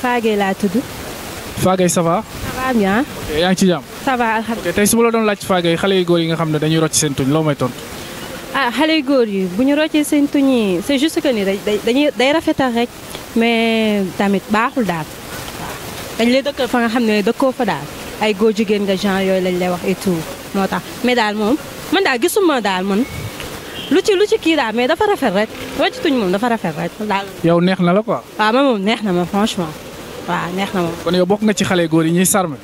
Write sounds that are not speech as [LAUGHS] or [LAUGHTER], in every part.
Fagué laa tudd. Fagué ça va. ça va bien. ok yaa ngi ci jàmm. ça va tey su ma la doon laaj Fagué xale yu góor yi nga xam ne dañuy rocc seen tuñ loo may tontu. ah xale yu góor yi bu ñu roccee seen tuñ yi c'est juste que ni dañuy day rafetal rek mais tamit baaxul daal dañ lay dëkkal fa nga xam ne dëkkoo fa daal ay góor jigéen nga genre yooyu lañ lay wax et moo tax mais daal moom man daal gisuma daal man. lu ci lu ci kii daal mais dafa rafet rek wàcc tuñ moom dafa rafet rek daal. yow neex na la quoi. waaw ah, neex na ma franchement. waaw neex na moom. kon yow bokk nga ci xale góor yi ñuy sarme.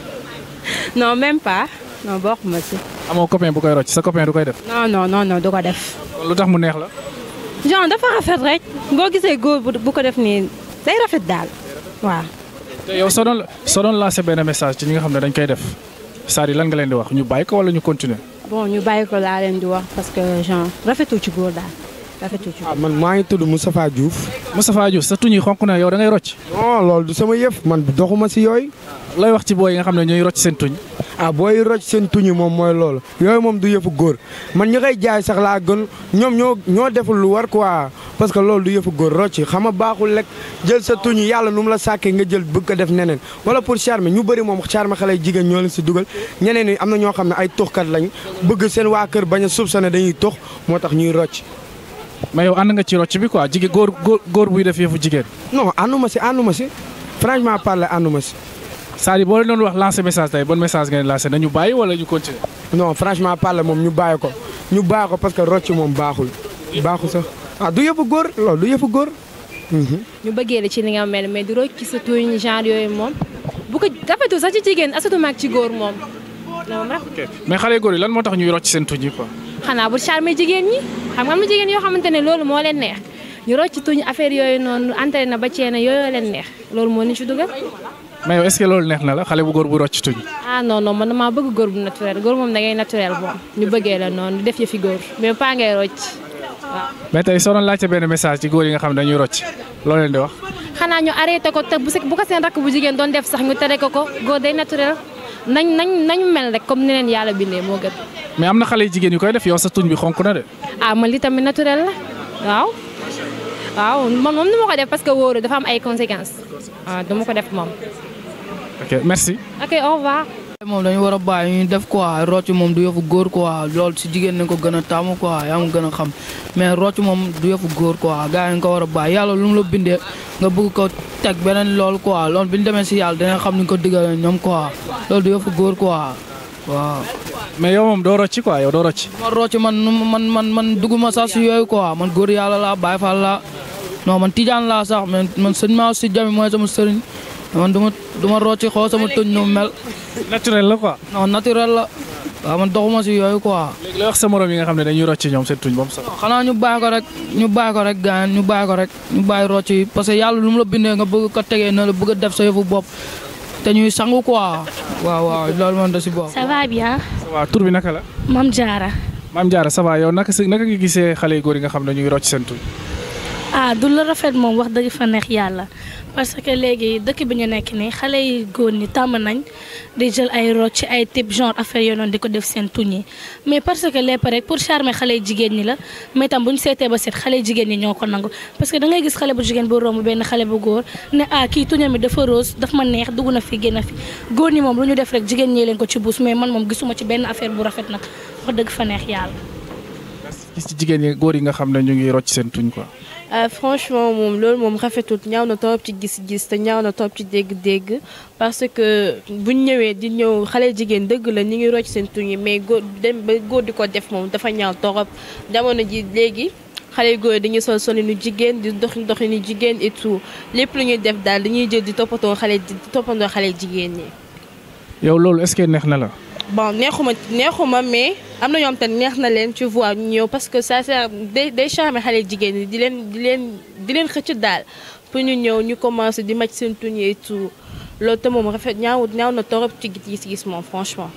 [LAUGHS] non même pas non bokk ma si. amoo copain bu koy rocc sa copain du koy def. non non non non du ko def. lu tax mu neex la. genre dafa rafet rek boo gisee góor bu ko def nii day rafet daal waa te yow soo la soo doon lancé benn message ci ñi nga xam ne dañ koy def cest à lan nga leen di wax ñu bàyyi ko wala ñu continuer. bon ñu bàyyi ko laa leen di wax parce que genre rafetul ci góor daal. ah man maa ngi tudd Moustapha Diouf. Moustapha Diouf sa tuñu xonk na yow da ngay rocc. non loolu du sama yëf man doxuma si yooyu. lay wax ci booy yi nga xam ne ñooy rocc seen tuñ. ah booy rocc seen tuñu moom mooy loolu yooyu moom du yëfu góor man ñu koy jaay sax laa gën ñoom ñoo ñoo deful lu war quoi parce que loolu du yëfu góor rocc xam nga baaxul lekk jël sa tuñu yàlla nu mu la sàkkee nga jël bëgg ko def neneen wala pour charme ñu bëri moom charme xale jigéen ñoo leen si dugal ñeneen ñi am na ñoo xam ne ay lañ bëgg seen waa kër bañ a soupçonné dañuy tux moo tax ñuy rocc mais yow ànd nga ci rocc bi quoi jigéen góor góor buy def yëfu jigéen. non ànduma si ànduma si franchement parler ànduma si. cest à boo leen doon wax lancer message tey bon message ngeen lancer nañu bàyyi wala ñu continuer. non franchement parler moom ñu bàyyi ko ñu bàyyi ko parce que rocc moom baaxul. baaxul sax ah du yëfu góor loolu du yëfu góor. Mhm. ñu bëggee la ci li nga mel mais du rocc surtout genre yooyu moom bu ko rafetul sax ci jigéen asatu ci góor moom. non mais xale góor lan moo tax ñuy rocc seen tuñ yi xam nga am na jigéen yoo xamante ne loolu moo leen neex ñu rocc tuñ affaire yooyu noonu entraîné ba ceene yooyu leen neex loolu moo ni ci dugal. mais bu góor bu rocc tuñ. ah non la noonu pas ngay rocc waaw. mais tey laajte benn message ci góor yi nga xam ne dañuy rocc loo di wax. xanaa ñu arrêté ko te bu ko seen rakk bu jigéen doon def sax ñu tere ko góor day naturel. nañ nañ nañ mel rek comme ni leen yàlla bindee moo gën. mais am na xale yu jigéen yu koy def yow sa tuñ bi xonk na de. ah man li tamit naturel la waaw. waaw man moom dama ko def parce que wóoru dafa am ay conséquences. waaw ah, ma ko def moom. ok merci. ok au moom dañu war a bàyyi ñu def quoi rocc moom du yëfu góor quoi loolu si jigéen nañ ko gën a taamu quoi yaa ngi gën a xam mais rocc moom du yëfu góor quoi gars yi nga ko war a bàyyi yàlla lu mu la bindee nga bëgg ko teg beneen loolu quoi loolu bi ñu si yàlla dinañ xam ni ko diggalee ñoom quoi loolu du yëfu góor quoi waaw. mais yow moom doo rocci quoi yow doo rocci. ma rocc man man man man dugguma sax si yooyu quoi man góor yàlla laa Baay Faal laa non man tijaan man du ma du ma rocc xoo sama tuñ nu mel. naturel la quoi. non la. waaw man doxuma si yooyu quoi. léegi la wax sa morom yi nga xam ne dañuy rocc ñoom seen tuñ ba mu sax. xanaa ñu bàyyi rek ñu bàyyi rek gaan ñu bàyyi rek ñu bàyyi rocc yi parce que yàlla lu mu la bindee nga bëgg ko tegee na la def sa yëfu bopp ñuy sangu quoi. waaw waaw loolu man da si bopp. ça yaa bien. ça tur bi naka la. Mame Diarra. Mame Diarra ça va yow naka si naka nga gisee xale yu góor yi nga xam ne ñuy rocc seen tuñ. ah du la rafet moom wax dëgg fa neex yàlla parce que léegi dëkk bi ñu nekk nii xale yi góor ñi tàmm nañ di jël ay roc ci ay type genre affaire yoo noonu di ko def seen tuñ mais parce que lépp rek pour charmer xale jigéen ñi la mais tam bu ba seet xale jigéen ñi ñoo ko nangu parce que da ngay gis xale bu jigéen bu benn xale bu góor ne ah kii tuñam mi dafa rose daf ma neex dugg na fi génn fi góor ñi moom lu ñu def rek jigéen ñi leen ko ci buus mais man moom gisuma ci benn affaire bu rafet nag dëgg fa neex yàlla. jigéen ñi góor yi nga xam ne ñu ngi rocc seen tuñ Euh, franchement moom loolu moom rafetul ñaaw na torop ci gis-gis te ñaaw na torop ci dégg-dégg parce que buñ ñëwee di ñëw xale jigéen dëgg la ñu ngi rocc seen tuñ yi mais góor dem ba góor di ko def moom dafa ñaaw torop jamono ji léegi xale yu góor yi dañuy sol solinu jigéen di dox doxinu jigéen et tout lépp lu ñuy def daal dañuy jël di toppatoo xale di toppandoo xale jigéen ñi. yow loolu est neex na la. bon neexuma neexuma mais am na ñoom te neex na leen ci vois ñu ñëw parce que sa c'est day day charmer xale jigéen ñi di leen di leen di leen xëcc daal pour ñu ñëw ñu commencé di màcc seen tuñ et tout loolu te moom rafet ñaawut na torop ci gis-gis moom franchement.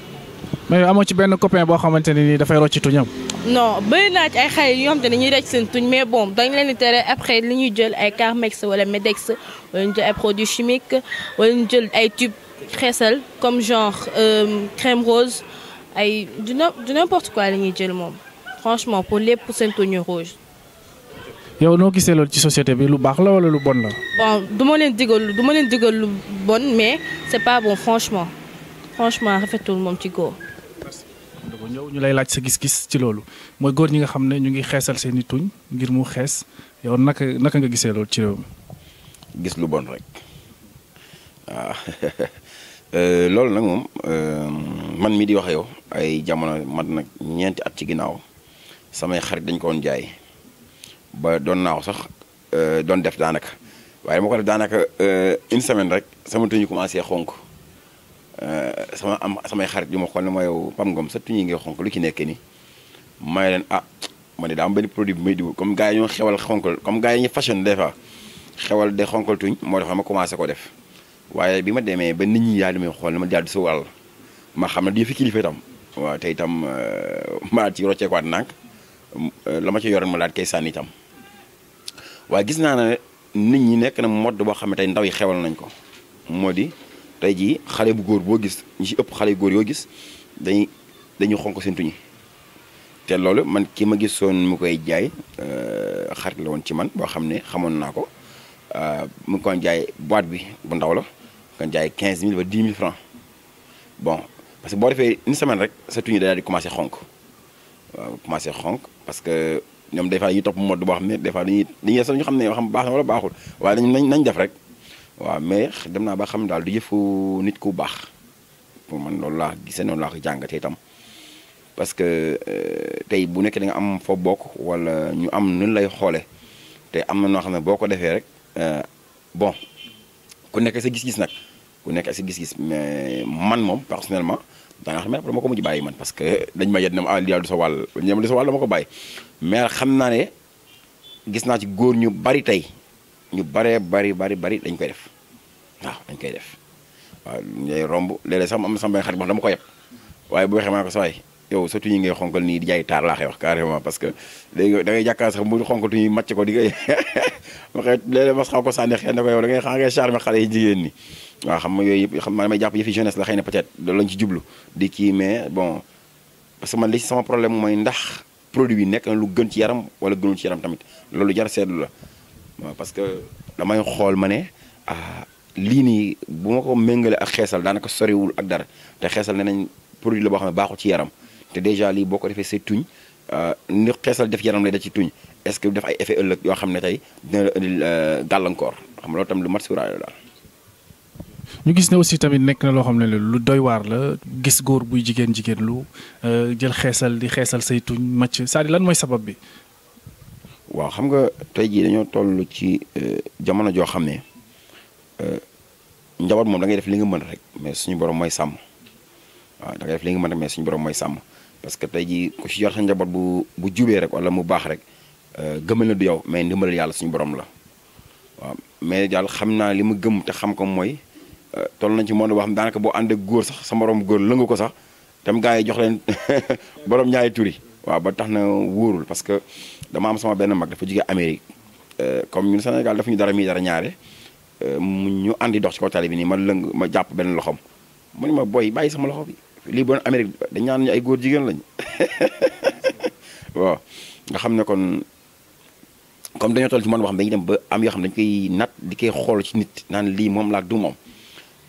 mais amoo ci benn copain boo xamante nii dafay rocc tuñam. non bëri naa ci ay xale yoo xam te ne ñuy daj seen tuñ mais bon dañ leen di tere après li ñuy jël ay Carmex wala Medex wala ñu jël ay produits chimiques wala ñu jël xeesal comme genre euh, crème rose ay du du n'importe quoi la ñuy jël moom franchement pour lépp seen tenue rouge. yow noo gisee loolu ci société bi lu baax la wala lu bon la. bon du ma leen digal du ma leen lu bon mais c'est pas bon franchement franchement rafetul moom ci góor. ñëw ñu lay laaj sa gis-gis ci loolu mooy góor ñi nga xam ne ñu ngi xeesal seen i tuñ ngir mu xees yow naka naka nga gisee lool ci réew mi. gis lu bon rek ah. [LAUGHS] Euh, loolu nag moom euh, man mii di wax yow ay jamono mat nag ñeenti at ci ginnaaw samay xarit dañ ko jaay ba doon naaw sax euh, doon def daanaka waaye moo ko def daanaka une semaine rek sama tuñu commencé xonk sama am samay xarit yu ma xool ne ma yow Pam Ngom sa tuñu ngi xonk lu ci nekke ni may leen ah ma ne daa am benn produit bu may diwul comme gars yi ñu xewal xonkal comme gars yi ñu fashion des fois xewal de xonkal tuñ moo tax ma commencé ko def waaye bi ma demee ba nit ñi yaa damay xool ne ma daal di sa wàll ma xam ne di fi kilifa itam waaw te itam euh, [LAUGHS] ma ci rocceekuwaat nag euh, la ma ci yoroon ma daal kay sànni itam waaye gis naa ne nit ñi nekk na modd boo xam ne tey ndaw yi xewal nañ ko moo di tey jii xale bu góor boo gis ñi ci ëpp xale góor yoo gis dañu dañuy xonk seen tuñi te loolu man ki ma gis soon mu koy jaay euh, xarit la woon ci man boo xam ne xamoon naa ko mu ngi koy jaay boîte bi bu ndaw la kon jaay 15000 ba 10 000 francs bon parce que boo defee une semaine rek sa tuñu daal di commencé xonk waaw commencé xonk parce que ñoom des fois dañuy topp mode boo xam ne des fois dañuy dañuy sax ñu xam ne yoo xam baax na wala nañ nañ def rek waaw mais dem naa ba xam daal du yëpp nit ku baax pour man loolu laa gisee noonu laa ko jàngatee tam parce que euh, tey bu nekkee da am foo bokk wala ñu am nu lay xoole te am na noo xam ne boo ko defee rek euh, bon ku nekk sa gis-gis nag ku nekk ak si gis-gis mais man moom personnellement daanaka xam ne dama ko mujj bàyyi man parce que dañ ma yet ne ma ah, du sa wàll ñoom du sa wàll dama ko bàyyi mais xam naa ne gis naa ci góor ñu bari tey ñu baree bari bari bari dañ koy def waaw dañ koy def waaw ñooy romb léeg-léeg sax am na sama benn xarit boo dama ko yeb waaye bu waxee maa ko sawaay yow sa tuñ yi ngay xonkal nii di jaay taar laaxee wax carrément parce que léegi da ngay jàkkaar sax mu xonk tuñuy màcc ko di ngay waxee [LAUGHS] léeg-léeg mas xaw ko sànni xëy na ko yow da ngay xaa ngay xam ma damay jàpp yëfi jeunesse la xëy na loolu lañ ci jublu di kii mais bon parce que man li ci sama problème mooy ndax produit yi nekk lu gën ci yaram wala gënul ci yaram tamit loolu jar seetlu la waaw parce que damay xool ma ne ah, lii nii bu ma ko méngale ak xeesal daanaka soriwul ak dara te xeesal ne nañ produit la boo xam ne baaxul ci yaram te déjà lii boo ko defee say tuñ euh, ni xeesal def yaram lay da ci tuñ est-ce que def ay effet ëllëg yoo xam ne tey dina euh, gàllankoor xam nga loolu lu mat sóoraale ñu gis ne aussi tamit nekk na loo xam ne lu doy waar la gis góor buy jigéen jigéen lu euh, jël xeesal di xeesal say tuñ màcc lan mooy sabab bi. waaw xam nga tey jii dañoo toll ci jamono joo xam ne njaboot moom da ngay def li nga mën rek mais suñu borom mooy sàmm waaw da ngay def li nga mën rek mais suñu borom mooy sàmm. parce que tey jii ku ci yor sa njaboot bu bu jubee rek wala mu baax rek euh, gëmal na du yow mais ndimbalal yàlla suñu borom la waaw mais daal xam naa li ma gëm te xam ko mooy euh, toll nañ ci monde boo xam daanaka boo ànd góor sax sa morom góor lëngu ko sax tem gaa yi jox leen [LAUGHS] borom ñaari tur waaw ba tax na wóorul parce que dama am sama benn mag dafa jóge Amérique euh, comme ñun Sénégal dafa ñu dara mii dara ñaare mu ñu àndi dox ci kaw tali bi nii ma lëng ma jàpp benn loxom mu ma boy bàyyi sama loxo lii bon Amérique dañ naan ñu ay góor jigéen lañ waaw [LAUGHS] nga xam ne kon comme dañoo toll ci man boo xam dañuy dem ba am yoo xam dañ koy nat di koy xool ci nit naan lii moom laak du moom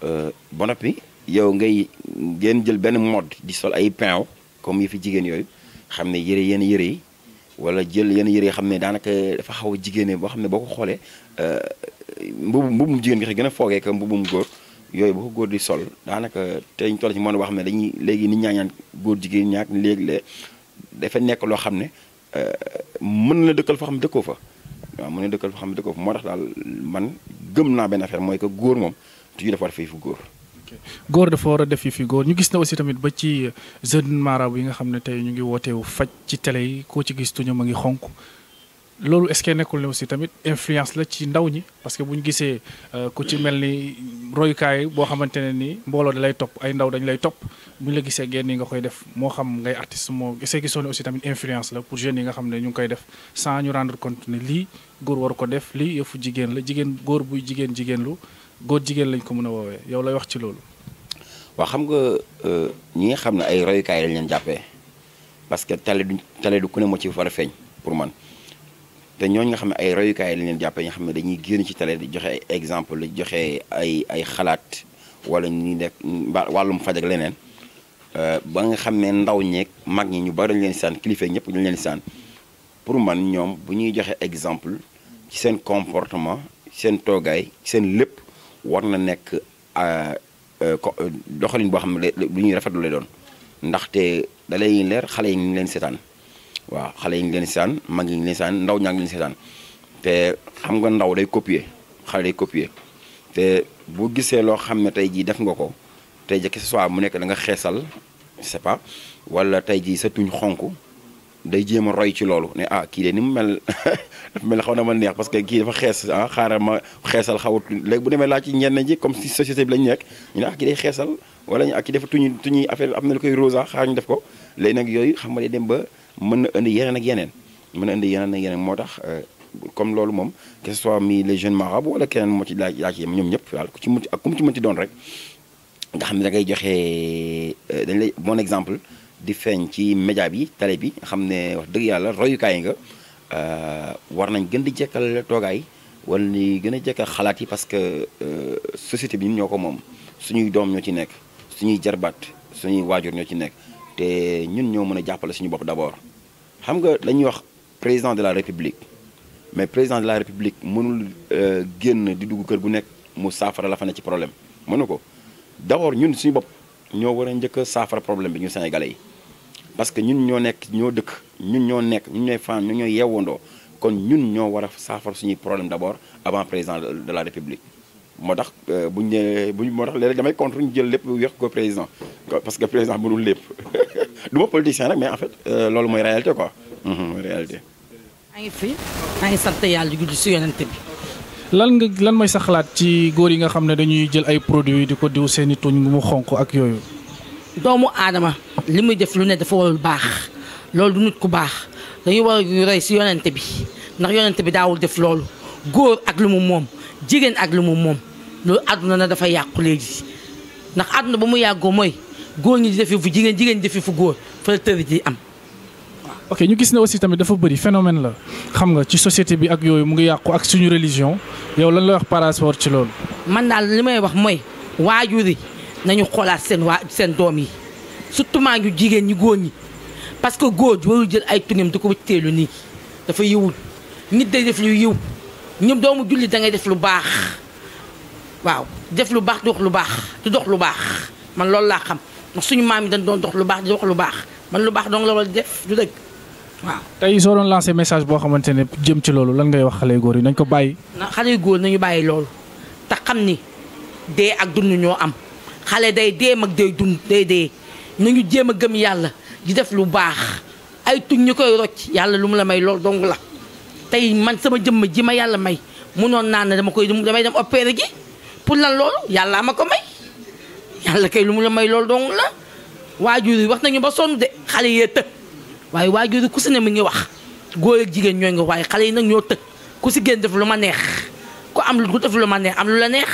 euh, ba noppi yow ngay ngeen jël benn mode di sol ay penw comme yi fi jigéen yooyu xam ne yëre yenn yëre yi wala jël yenn yëre yi xam ne daanaka dafa xaw a jigéene boo xam ne boo ko xoolee mbubum euh, mbubum jigéen nga xam gën a foogee que mbubum góor yooyu bu ko góor di sol daanaka tey ñu toll ci mën wax ne dañuy léegi ni ñaañaan góor jigéen ñaak léegi la dafa nekk loo xam ne euh, mën na dëkkal foo xam ne dëkkoo fa waaw mën na dëkkal foo xam ne dëkkoo fa moo tax daal man gëm naa benn affaire mooy que góor moom tu dafa fi fu góor. góor dafa war a def yi fi góor ñu gis na aussi tamit ba ci jeune marabout yi nga xam ne tey ñu ngi wooteewu faj ci tele yi koo ci gis tuñu a ngi xonk loolu est-ce que nekkul ne aussi tamit influence la ci ndaw ñi parce que bu ñu gisee euh, ku ci mel ni royukaay boo xamante ne nii mbooloo da lay topp ay ndaw dañu lay topp bu ñu la gisee génn yi nga koy def moo xam ngay artiste moo est-ce que tamit influence la pour yi nga xam ne ñu ngi koy def sans ñu rendre compte lii góor war ko def lii yëfu jigéen la jigéen góor buy jigéen jigéen lu góor jigéen lañ ko mën a woowee yow wax ci loolu. waaw xam nga euh, ñi nga xam ne ay royukaay lañ leen jàppee parce que tale du tale du ku ne moo ci war a feeñ pour man. te ñooñu nga xam ne ay royukaay lañ leen jàppee nga xam ne dañuy génn ci télé di joxe ay exemple di joxe ay ay xalaat wala ñuy nekk wàllum faj ak leneen euh, ba nga xam ne ndaw ñeeg mag ñi ñu bari dañ leen saan kilifa ñëpp dañ leen saan pour man ñoom bu ñuy joxe exemple ci seen comportement seen toogaay seen lépp war na nekk euh, euh, doxalin boo xam ne lu ñuy rafetlu lay doon ndaxte da lay leer xale yi ñu leen seetaan. waaw xale yi ngi saan seetaan mag yi ngi leen ndaw ñaa ngi leen seetaan te xam nga ndaw day copier xale day copier te bu gisee loo xam ne tey jii def nga ko tey jii que ce mu nekk da nga xeesal je sais wala tey jii sa tuñ xonk day jéem a roy ci loolu ne ah kii de ni mu mel [LAUGHS] dafa xaw na ma neex parce que kii dafa xees ah xaaral ma xeesal xawut léegi bu demee laa ci ñenn ji comme si société bi lañ nekk ñu ne ah kii day xeesal wala ñu ah kii dafa tuñu affaire am na lu koy rosa ah, xaar ñu def ko léegi nag yooyu xam nga day dem ba mën na indi yeneen ak yeneen mën na indi yeneen ak yeneen moo tax euh, comme loolu moom que ce soit mi les jeunes marabout wala keneen moo ci laaj laaj yem ñoom ñëpp daal ku ci mucc ak ku mu ci mënti doon rek nga xam ne da joxe euh, dañ lay bon exemple di feeñ ci média yi télé bi nga xam ne wax dëgg yàlla royukaay nga euh, war nañ gën di jekkal toogaay wala ni gën a jekkal xalaat yi parce que société bi ñun ñoo ko moom suñuy doom ñoo ci nekk su ñuy jarbaat suñuy waajur ñoo ci nekk te ñun ñoo mën a jàppale suñu bopp d'abord xam nga dañuy wax président de la république mais président de la république mënul euh, génn di dugg kër gu nekk mu saafara la fa ne ci problème mënu ko d'abord ñun suñu bopp ñoo war a njëkk a saafara problème bi ñu Sénégalais yi parce que ñun ñoo nekk ñoo dëkk ñun ñoo nekk ñun ñooy fan ñun ñooy yeewandoo kon ñun ñoo war a saafara suñuy problème d'abord avant président de la république moo tax euh, buñ nee buñ moo tax léeg-léeg damay contre ñu jël lépp yéex ko président parce que président mënul lépp [LAUGHS] du ma politicien nag mais en fait euh, loolu mooy réalité quoi mhm, mooy réalité. maa ngi fi maa ngi sant si yonent lan nga lan mooy sa ci góor yi nga xam ne dañuy jël ay produits di ko diw seeni tuñ mu xonq ak yooyu. doomu aadama li muy def lu ne dafa warul baax loolu du nit ku baax dañuy war a roy si yonent bi ndax yonent bi daawul def loolu góor ak lu mu moom jigéen ak lu mu moom. loolu àdduna na dafa yàqu léegi ndax àdduna ba mu yàggoo mooy góor ñi di defee fu jigéen jigéen di defee fu góor fa la tër ji am. ok ñu gis ne aussi tamit dafa bëri phénomène la xam nga ci société bi ak yooyu mu ngi yàqu ak suñu religion yow lan la wax par ci loolu. man daal li may wax mooy waajur yi nañu xoolaat seen waa seen doom yi surtout maa ñu jigéen ñi góor ñi parce que góor ji warul jël ay tuneem di ko wëcceelu nii dafa yiwul nit day def lu yiw ñoom doomu julli da def lu baax. waaw def lu baax di wax lu baax di dox lu baax man loolu laa xam ndax suñu maam yi dañ doon dox lu baax di wax lu baax man lu baax dong la war di def du dëgg waaw. tey soo doon lancé message boo xamante ne jëm ci loolu lan ngay wax xale yu góor yi nañ ko bàyyi. na xale yu góor nañu bàyyi loolu te xam ni dee ak dund ñoo am xale day dee mag day dund day dee nañu jéem a gëm yàlla di def lu baax ay tuñ ñu koy rocc yàlla lu mu la may loolu dong la tey man sama jëmm ji ma yàlla may munoon naa ne dama koy damay dem opéré gi. pour lan loolu am a ko may yàlla kay lu mu la may loolu dong la waajur wax nañu ba sonn de xale yee të waaye waajur yi ku si ne mi ngi wax góor ak jigéen ñoo nga waaye xale yi nag ñoo të ku si génn def lu ma neex ku am lu ku def lu ma neex am lu la neex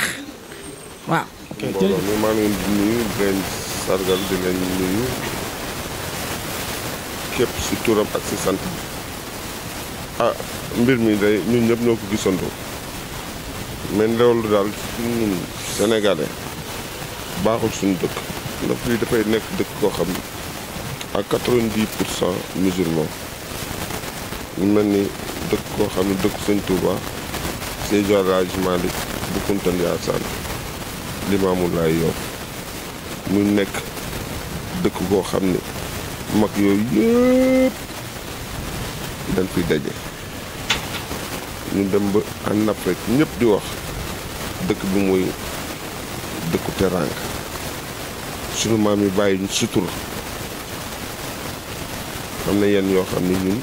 waaw. mbooloo mi maa ngi nuyu di leen sargal di leen nuyu képp si turam ak si sant ah mbir mi day ñun ñëpp ñoo ko gisandoo. mais loolu daal ñun sénégalais baaxul suñu dëkk ndax fii dafay nekk dëkk koo xam ne ak quatre-vingt-dix pour musulman mel ni dëkk koo xam ne dëkku sëñ Touba Seydi El Hadji Malick bu Kuntan Yaasaan Limaamu Laay yow muy nekk dëkk koo xam ne mag yooyu yëpp dañ fiy daje ñu dem ba en Afrique ñëpp di wax dëkk bi muy dëkku teraanga sunu maam yi bàyyi ñu sutur am na yenn yoo xam ne ñun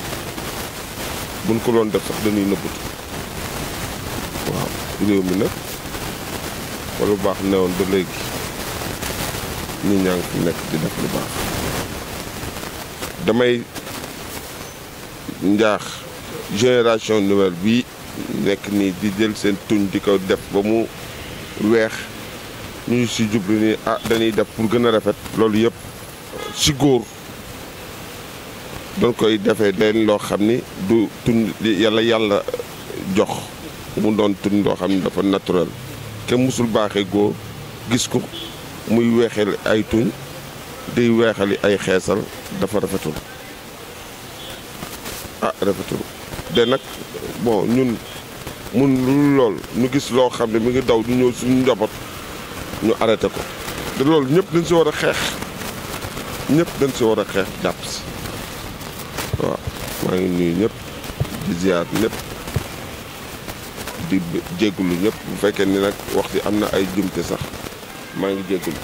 buñ ko doon def sax dañuy nëbbatu waaw réew mi nag wala lu baax newoon ba léegi ñu ñaa ngi nekk di def lu baax damay njaax génération nuwel bi nekk nii di jël seen tuñ di ko def ba mu weex ñu si jublu ni ah dañuy def pour gën a rafet loolu yëpp si góor doon koy defe leen loo xam ni du tund yàlla yàlla jox mu doon tund loo xam ni dafa naturel kenn mësul baaxe góor gis ko muy weexal ay tuñ day weexali ay xeesal dafa rafetul ah rafetul de nag bon ñun mun lu lool ñu gis loo xam ne mi ngi daw ñu ñëw suñu njaboot ñu arrêté ko de loolu ñëpp dañ si war a xeex ñëpp dañ si war a xeex jàpp si waaw maa ngi nuyu ñëpp di ziar ñëpp di jégalu ñëpp bu fekkee ni nag wax ci am na ay jumte sax maa ngi jégalu